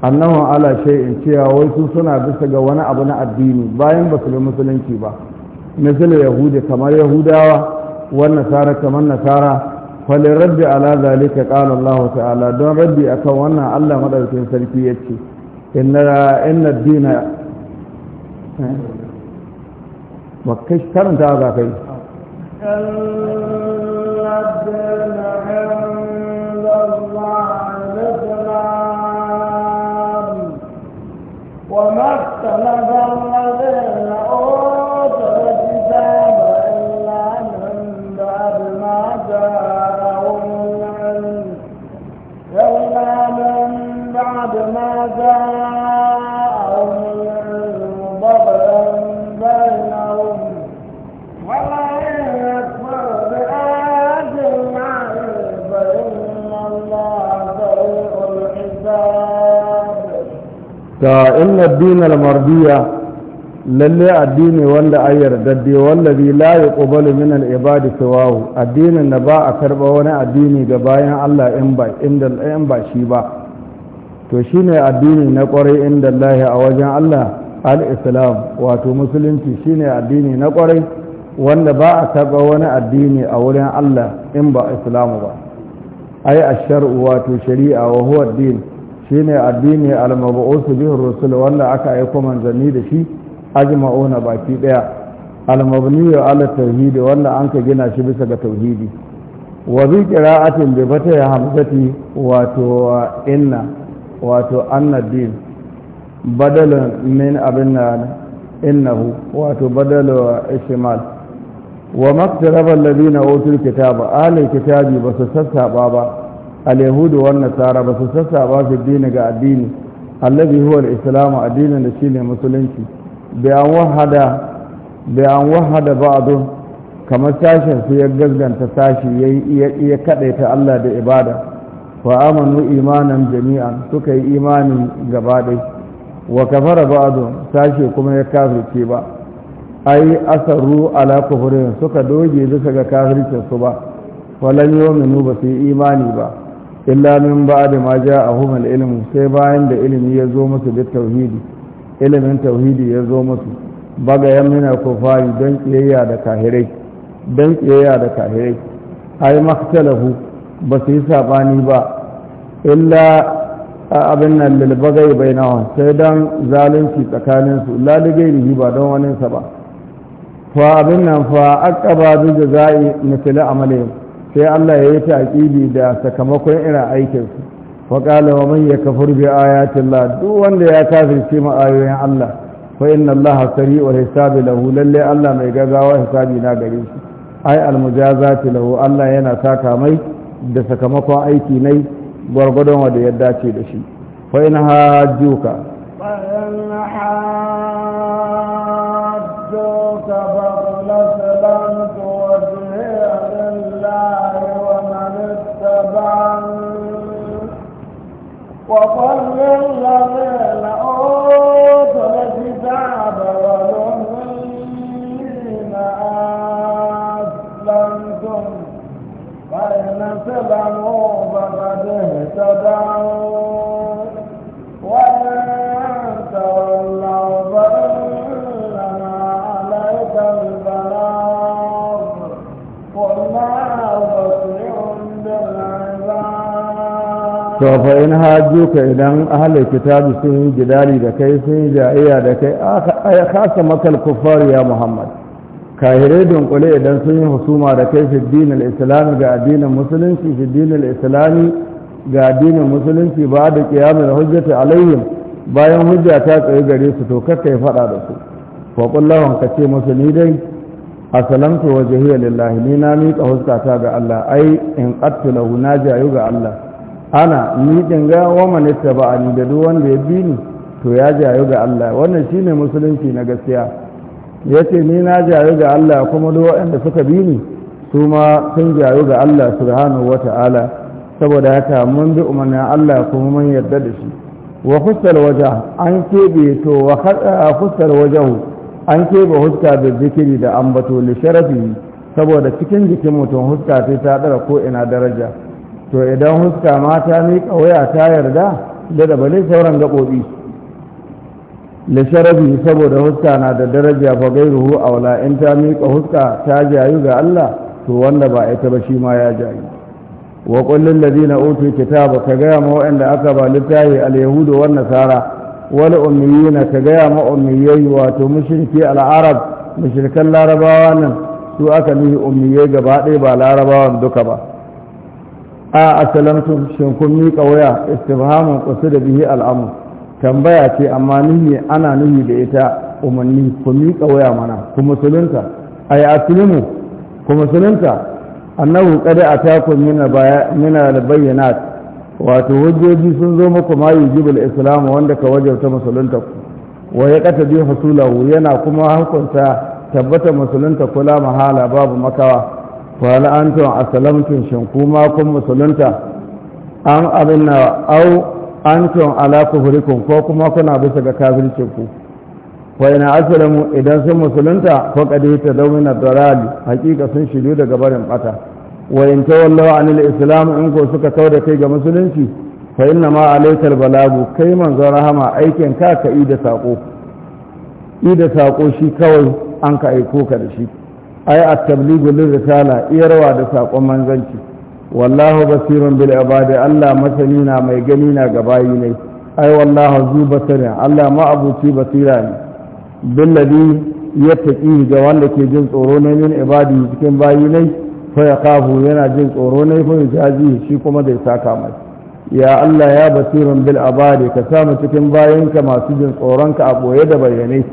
annahu ala shay'in cewa wai su suna bisa ga wani abu na addini bayan ba su bi musulunci ba misali yahudi kamar yahudawa wan nasara kamar nasara falin raddi ala zalika qala Allah ta'ala don raddi akan wannan Allah madaukakin sarki yace inna inna dina eh? ba kai karanta za kai فنظر ta inna dinar mardiya lalle addini wanda an yarda, wallazi la yuqbalu min al-ibadi siwahu addinin da ba a karba wani addini ga bayan Allah in ba inda in ba shi ba to shine addini na kwarai inda Allah a wajen Allah al-islam wato musulunci shine addini na kwarai wanda ba a karba wani addini a wurin Allah in ba islamu ba ai ash-shar'u wato shari'a wa huwa ad-din shine addini al-mab'us bihi rusul wanda aka aika manzanni da shi ajma'una baki daya al-mabni ala tauhid wanda an ka gina shi bisa ga tauhidi wa bi qira'atin bi ya hamzati wato inna wato anna din badalan min abinna innahu wato badalu ishmal wa maktaraba alladhina utul kitaba ahlul kitabi basu sassaba ba al-yahudu wan ba su sassa ba su dini ga addini allazi huwa al-islam addinin da shine musulunci bi an wahada bi an wahada kamar sashen su ya gazganta sashi ya ta Allah da ibada wa amanu imanan jami'an suka yi imanin gaba ɗai wa kafara ba'du sashi kuma ya kafirce ba ai asaru ala kufrin suka doge bisa ga kafircin su ba walan yominu ba su yi imani ba illa min ba'da ma a al-ilm sai bayan da ilimi ya zo musu da tauhidi ilimin tauhidi ya zo musu Baga 'yan mina fari don kiyayya da kahirai don kiyayya da kahirai ai makhtalahu ba su yi sabani ba illa abin nan lilbagai bai nawa sai don zalunci tsakaninsu laligai ba don waninsa ba fa abin nan fa akaba bi jazai mithla amalihim sai Allah ya yi taƙibi da sakamakon irin aikinsu faƙala wa man ya kafur bi ayatin Allah duk wanda ya kafirce ma ayoyin Allah fa inna Allah sari'ul hisabi lahu Lallai Allah mai gazawa hisabi na gare shi ai almujazati lahu Allah yana saka mai da sakamakon aiki nai gwargwadon wanda ya dace da shi fa in hajjuka الله ومن اتبعني وقل للذين أوتوا الكتاب والأمين أسلمتم فإن سلموا to fa in hajjuka idan ahlul kitabi sun yi jidali da kai sun yi ja'iya da kai a ya kasa makal kuffar ya muhammad kahirai dunkule idan sun yi husuma da kai fi dinar islami ga addinin musulunci fi dinar islami ga addinin musulunci ba da qiyamul hujjata alaihim bayan hujja ta tsaye gare su to kakkai faɗa da su fa ka ce musu ni dai asalamtu wajhiya lillahi ni na miƙa huskata ga Allah ai in qattu lahu na jayu ga Allah ana ni ga wa manitta ba ni da duk wanda ya bi ni to ya jayu ga Allah wannan shine musulunci na gaskiya yace ni na jayu ga Allah kuma duk wanda suka bi ni su ma sun jayu ga Allah subhanahu wata'ala saboda haka mun bi umarnin Allah kuma mun yarda da shi wa fussar wajen an kebe to wa fussar wajen an kebe huska da zikiri da ambato li sharafi saboda cikin jikin mutum huska sai ta dara ko ina daraja to idan huska ma ta miƙa waya ta yarda da da bale sauran gaɓoɓi lisharabi saboda huska na da daraja fa gairuhu aula in ta miƙa huska ta jayu ga Allah to wanda ba ita ba shi ma ya jayu wa kullun ladina utu kitaba ka gaya ma waɗanda aka ba littafi al-yahudu wan nasara wal ummiyina ka gaya ma ummiyai wato mushriki al-arab mushrikan larabawa nan su aka nihi ummiyai gaba ɗaya ba larabawan duka ba a asalamtum shin kun miƙa waya istifhamun kusa da bihi al'amu. tambaya ce amma nihi ana nihi da ita umarni ku miƙa waya mana ku musulunta ay aslimu ku musulunta annahu qad atakum min mina da bayyana wato hujjoji sun zo muku ma yujibul islam wanda ka wajabta musulunta ku wa ya qata bi hasulahu yana kuma hukunta tabbata musulunta kula mahala babu makawa wala antum aslamtum shin kuma kun musulunta an abinna au antum ala ko kuma kuna bisa ga kafircin ku wa ina aslamu idan sun musulunta ko kadai ta ad-dalal hakika sun shiru daga barin bata wa in tawallaw anil islam in ko suka kauda kai ga musulunci fa inna ma alaykal balagu kai manzo rahama aikin ka ka ida sako ida sako shi kawai an ka aiko ka da shi ai a tabligu risala rawa da sakon manzanci wallahu basirun bil ibadi Allah masani na mai gani na gabayi ne ai wallahu zu basirin Allah ma'abuci basira ne billadi ya taƙi ga wanda ke jin tsoro ne min ibadi cikin bayi ne fa ya kafu yana jin tsoro ne fa jaji shi kuma da saka mai ya Allah ya basirun bil ibadi ka samu cikin bayinka masu jin tsoronka a boye da bayyane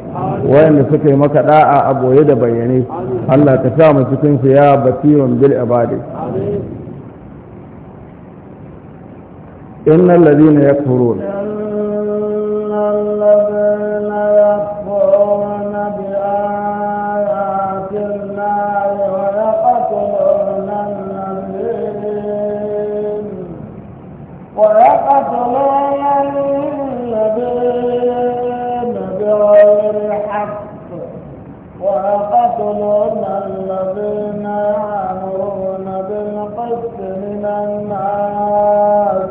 wayanda suka yi maka da'a a boye da bayyane Allah ka sa mu cikin su ya basirun bil ibadi innal ladina yakfuruna الناس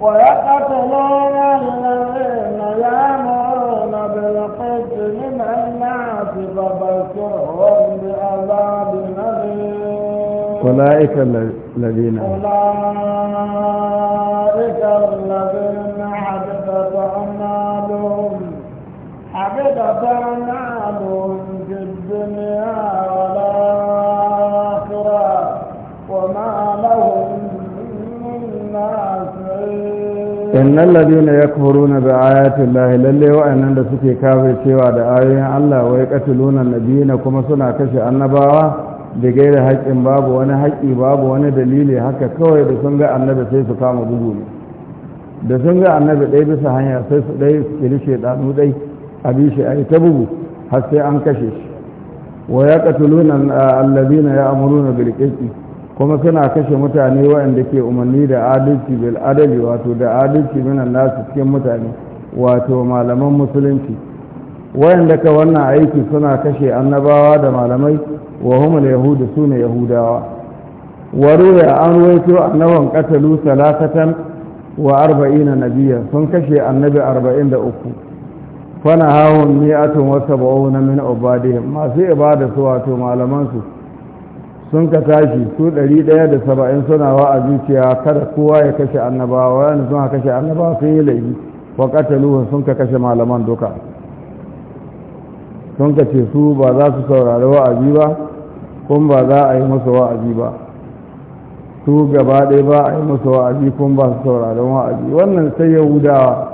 ويقتلون الذين يامرون بالقسط من الناس فبشرهم بعذاب أليم أولئك الذين أولئك الذين حدثت أعمالهم حبطت أعمالهم innal ladina yakfuruna bi ayati llahi lalle wa'annan da suke cewa da ayoyin Allah wai qatiluna nabiyina kuma suna kashe annabawa da gaira haƙƙin babu wani haƙƙi babu wani dalili haka kawai da sun ga annabi sai su kama bugu ne da sun ga annabi ɗaya bisa hanya sai su ɗaya su kiri shaidanu ɗai a bi shi a yi ta bugu har sai an kashe shi wa ya qatiluna allazina ya'muruna bil qisti kuma suna kashe mutane waɗanda ke umarni da adalci bil adali wato da adalci minan nasu cikin mutane wato malaman musulunci waɗanda ka wannan aiki suna kashe annabawa da malamai wa humul yahudu su ne yahudawa wa ruwa an ruwaito annaban katalu salakatan wa arba'ina nabiya sun kashe annabi arba'in da uku fana hawon mi'atun wasa ba'una min ubadihim masu ibada su wato malamansu sun ka tashi su ɗari ɗaya da saba'in suna wa'azi zuciya kada kowa ya kashe annabawa wani sun kashe annabawa sun yi laifi wa kataluhun sun ka kashe malaman duka sun ka ce su ba za su saurari wa'azi ba kun ba za a yi musu wa'azi ba su gaba ɗaya ba a yi musu wa'azi kun ba su saurari wa'azi wannan sai yahudawa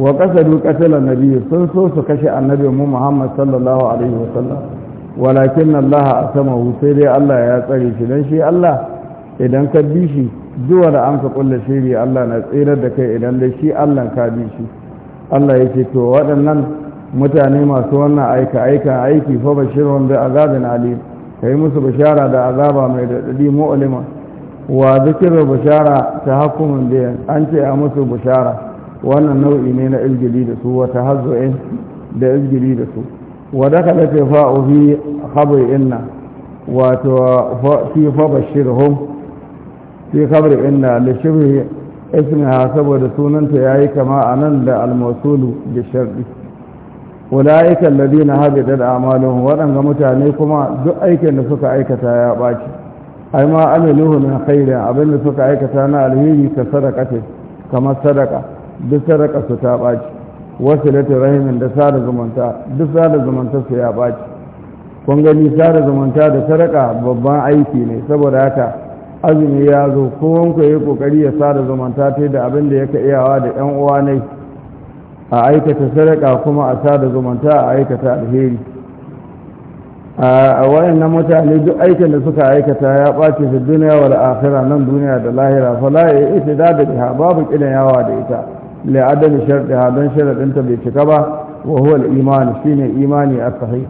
wa kasadu katalan nabi sun so su kashe annabi mu muhammad sallallahu alaihi wasallam walakin Allah a sama sai dai Allah ya tsare shi don shi Allah idan ka bi shi zuwa da an ka kulle shiri Allah na tsirar da kai idan dai shi Allah ka bi shi Allah ce to waɗannan mutane masu wannan aika aika aiki fa bashirun bi azabin alim kai musu bashara da azaba mai daɗi mu'lima wa zikirar bashara ta hakumin da an ce a musu bashara wannan nau'i ne na ilgili da su wata hazo'in da ilgili da su wadda ka ɗafe fa'o'i haɓar inna wato fi fabashir hom fi da shirhe ismiha saboda sunanta ya yi kama a nan da almasulu da sharɗi ula'ikan ladina haɓe da amalin waɗanga mutane kuma duk aikin da suka aikata ya ɓaci ai ma amiluhu min khairin abin da suka aikata na alheri ka sadaka ce kamar sadaka duk sadaka su ta ɓaci wasu rahimin da sada zumunta duk sada zumunta su ya baci kun gani sada zumunta da sadaka babban aiki ne saboda haka azumi ya zo kowanku ya yi kokari ya sada zumunta ta da abin da ya iyawa da yan uwa ne a aikata sadaka kuma a sada zumunta a aikata alheri a na mutane duk aikin da suka aikata ya ɓace su duniya wal akhira nan duniya da lahira fa la ya da biha babu kidan yawa da ita لعدم شرطها دون شرط انت بيتكبا وهو الإيمان شين إيماني الصحيح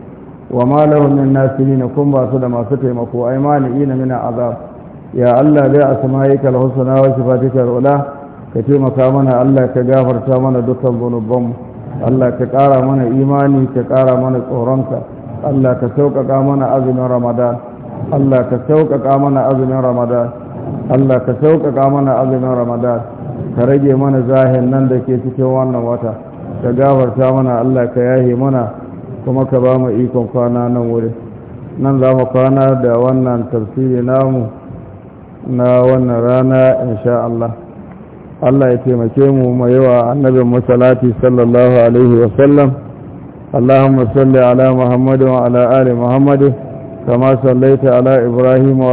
وما له من الناسين كن باسد ما ستهم أكو أيمانيين من عذاب يا الله بأسمائك الحسنى وصفاتك الأولى كتيما كامنا الله كجافر كامنا دكا ذنوبهم Allah ka ƙara mana imani ka ƙara mana tsoronka Allah ka sauƙaƙa mana azumin Ramadan Allah ka sauƙaƙa mana azumin Ramadan Allah ka sauƙaƙa mana azumin Ramadan ka rage mana zahin nan da ke cikin wannan wata ka gafarta mana Allah ka yahe mana kuma ka ba mu ikon kwana nan wuri nan za mu kwana da wannan tafsiri namu na wannan rana insha Allah Allah ya taimake mu mu yawa annabin masalati sallallahu alaihi wa sallam اللهم صل على محمد وعلى آل محمد كما صليت على إبراهيم وعلى